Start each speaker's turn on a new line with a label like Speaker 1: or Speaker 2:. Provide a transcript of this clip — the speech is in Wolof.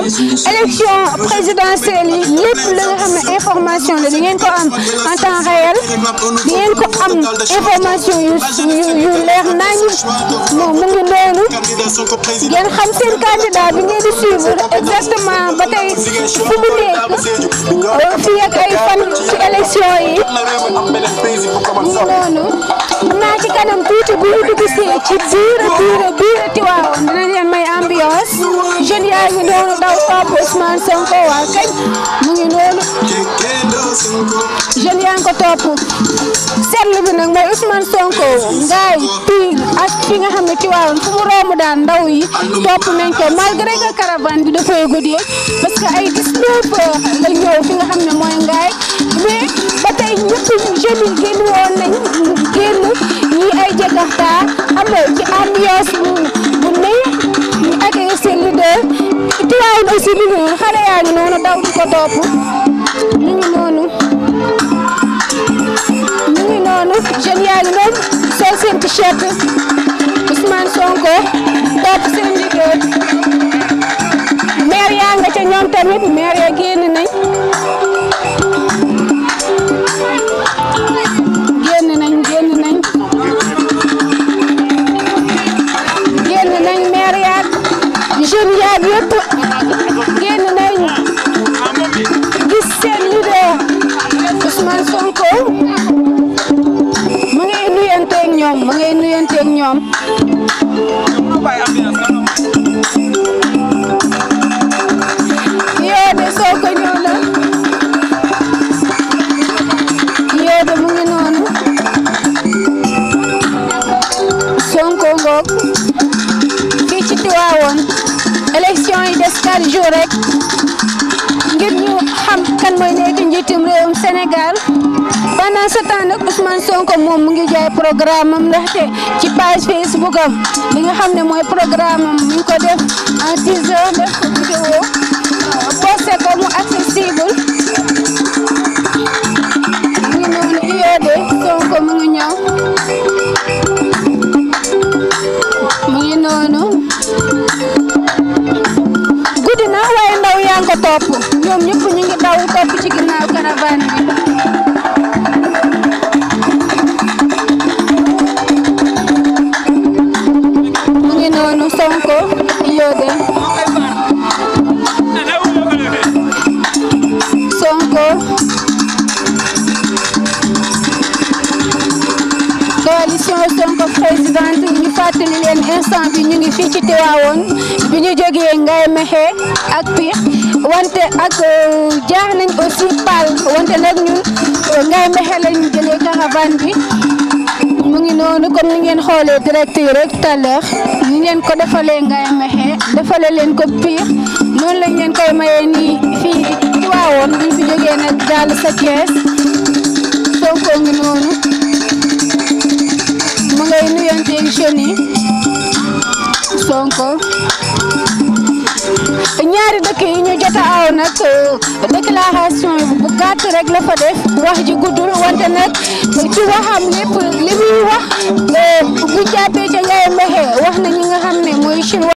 Speaker 1: élection présidentielle yi lépp la nga xam ne information la di ngeen ko am en temps réel ko am information yu leer nañu moom mu ngi noonu ngeen xam seen candidat bi ngeen di suivre exactement ba tey fu mu nekk euh, fii ak ay fan ci élection yi mu noonu naa ci kanam tuuti bu ñu dugg ci biir biir biir Tiwaawan dina leen may ambiance jeune yaa ngi noonu daw topp Ousmane Sonko waa kañ mu ngi noonu jeune yaa ko topp seetlu bi nag mooy Ousmane Sonko ngaay fii fi nga xam ne ci waawoon fu mu romb daan ndaw yi topp nañ ko malgré que caravane bi dafay guddi parce que ay 19 heures la ñëw fi nga xam ne mooy ngaay mais ba tey ñëpp jeune yi génn woon nañ génn ñii ay jegaxtaar am na ci ambiance waaye aussi li ñu xale yaa ngi noonu daw di ko topp ñu ngi noonu ñu ngi noonu jeunes yaa ngi noonu sol seen t-shirt Ousmane Sonko topp seen liggéey maire yaa nga ca ñoom tamit maire ya génn nañ génn nañ génn nañ génn nañ maire yaag jeunes yaag yëpp ñoom ma ngay nuyanteeg ñoom. yoo de soo ko ñëw de mu ngi noonu. Sonko ngoog. ci Tiwaawoon. élection yi des quatre jours rek. ngir ñu xam kan mooy nekk njiitum réewum Sénégal. pendant ce temps Sonko moom mu ngi jaay programme am ndaxte ci page Facebook am li xam ne mooy programme am mu ngi ko def en 10 heures def ko ko mu accessible mu ngi noonu UOD Sonko mu ngi ñëw mu noonu guddi na waaye ndaw yaa ngi topp ñoom ñëpp ñu ngi daw topp ci ginnaaw caravane bi. coalition Sonko présidente ñu fàttali leen instant bi ñu ngi fii ci Tivaouane bi ñu jógee Ngaye Mékhé ak Pire wante ak euh, jaar nañ aussi Pal wante nag ñun euh, Ngaye Mékhé la ñu jëlee mu ngi noonu comme ni ngeen xoolee direct rek tout à ñu leen ko defalee Ngaye Mékhé defale leen ko Pire noonu lañ leen koy mayee nii. woon bu ñu fi nag jàll sa kees Sonko ngi noonu mu ngay nuyanteeg jeunes yi Sonko ñaari dëkk yi ñu jot nag déclaration bu gàtt rek la fa def wax ji guddul wante nag ci waxam lépp li wax bu jàppee ca Ndiaye Mbexe wax na ñi nga xam ne mooy